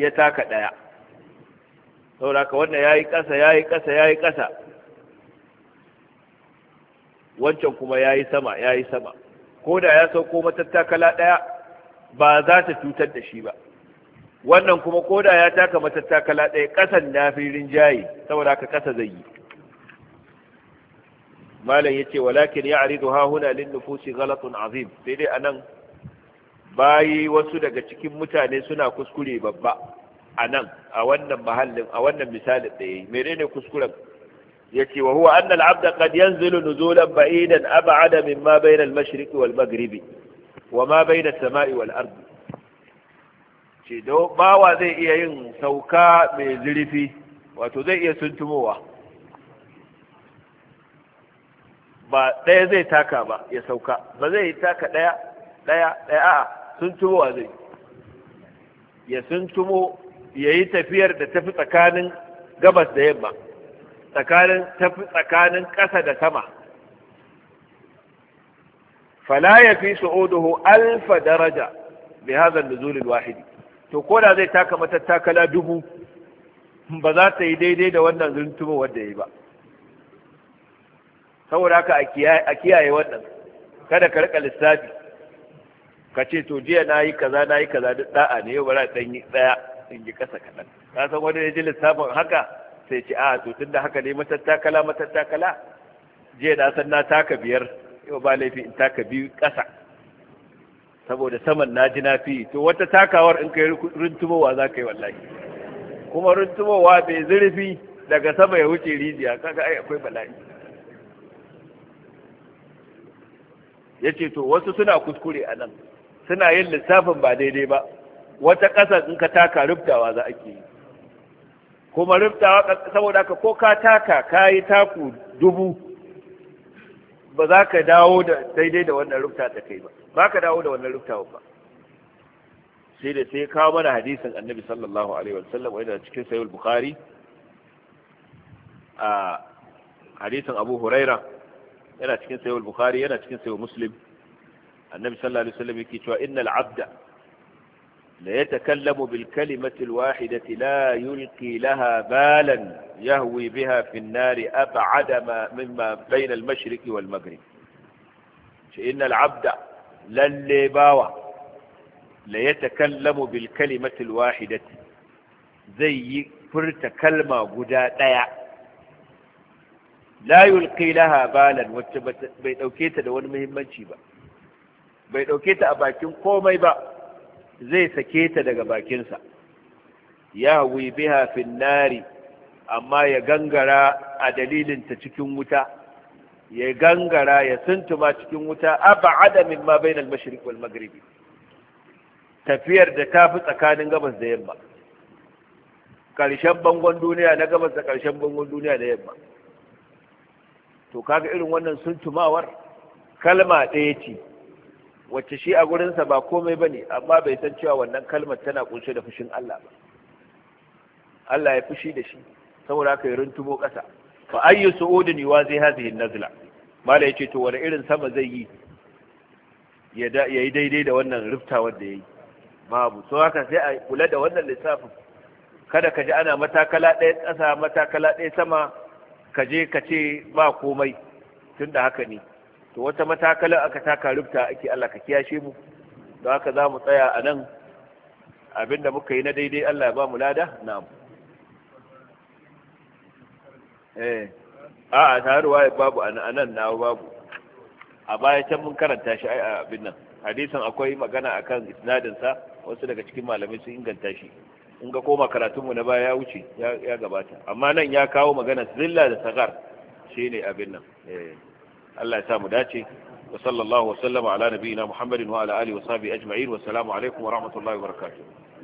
ya taka ɗaya saboda haka wannan yayi kasa yayi kasa yayi kasa wancan kuma yayi sama yayi sama ko da ya sauko matattakala daya ba za ta cutar da shi ba wannan kuma ko da ya taka matattakala daya kasan na filin jayi saboda haka kasa zai yi malam yace walakin ya aridu ha huna lin nufusi ghalatun azim sai dai anan bayi wasu daga cikin mutane suna kuskure babba a nan a wannan mahallin a wannan misalin da yayi menene kuskuren yace wa huwa anna Abda abd qad yanzilu nuzulan ba'idan ab'ada mimma bayna al-mashriq wal maghrib wa ma bayna as-sama'i wal ard ce do bawa zai iya yin sauka mai zurfi wato zai iya suntumowa ba ɗaya zai taka ba ya sauka ba zai taka ɗaya ɗaya ɗaya a suntumowa zai ya suntumo ya yi tafiyar da tafi tsakanin gabas da yamma tsakanin tafi tsakanin ƙasa da sama fala ya fi su'uduhu alfa daraja bi hadha an-nuzul al-wahidi to da zai taka matattakala dubu ba za ta yi daidai da wannan zuntuba wanda yayi ba saboda haka a kiyaye wannan kada ka rika lissafi ka ce to jiya nayi yi kaza na kaza duk da'a ne yau ba za ta yi daya in yi kasa kaɗan ka san wani ya ji lissafin haka sai ce a ah, to da haka ne matattakala matattakala jiya na san na taka biyar yau ba laifi in taka biyu kasa saboda saman na ji na fi to wata takawar in kai runtumowa za ka yi wallahi kuma runtumowa bai zurfi daga sama ya wuce rijiya kaga ai akwai bala'i yace to wasu suna kuskure a nan suna yin lissafin ba daidai ba wata ƙasa in ka taka rubtawa za ke yi kuma rubtawa saboda ka ko ka taka ka yi taku dubu ba za ka dawo da daidai da wannan rubta ta kai ba ba ka dawo da wannan rubtawa ba sai da sai kawo mana hadisin annabi sallallahu alaihi wasallam wanda cikin sahih bukhari a hadisin abu huraira yana cikin sahih bukhari yana cikin sahih muslim annabi sallallahu alaihi wasallam yake cewa innal abda لا يتكلم بالكلمة الواحدة لا يلقي لها بالا يهوي بها في النار أبعد ما مما بين المشرق والمغرب إن العبد للباوة لا يتكلم بالكلمة الواحدة زي فرت كلمة قداء لا يلقي لها بالا وتبت بيت أوكيت دون مهمة شيبا بيت أوكيت أباكين قومي بقى zai sake ta daga bakinsa ya hawi biha fin nari amma ya gangara a dalilin ta cikin wuta ya gangara ya suntuma cikin wuta ba Adamin ma bainal mashriq wal maghribi tafiyar da ta fi tsakanin gabas da yamma ƙarshen bangon duniya na gabas da ƙarshen bangon duniya da yamma to kaga irin wannan suntumawar kalma ɗaya ce wacce shi a gurinsa ba komai ba ne amma bai san cewa wannan kalmar tana kunshe da fushin Allah ba Allah ya fushi da shi saboda haka ya kasa ƙasa fa ayyu su'udin yuwazi hadhihi nazla mala yace to wani irin sama zai yi ya yi daidai da wannan riftawar da yayi babu so haka sai a kula da wannan lissafin kada ka ji ana matakala ɗaya ƙasa matakala ɗaya sama ka je ka ce ba komai tunda haka ne to wata matakalar aka taka rubuta ake Allah ka kiyashe mu don haka za mu tsaya a nan abinda muka yi na daidai Allah ya ba mu lada na'am eh a ta taruwa ya babu a nan na babu a baya can mun karanta shi a abin nan hadisin akwai magana akan isnadin sa wasu daga cikin malamai sun inganta shi in ga koma karatunmu na baya ya wuce ya gabata amma nan ya kawo magana zilla da sagar shine abin nan eh Allah ya sa mu dace wa sallallahu wa sallama ala nabiyina Muhammadin wa ala alihi wa sahbihi ajma'in wa assalamu alaikum wa rahmatullahi wa barakatuh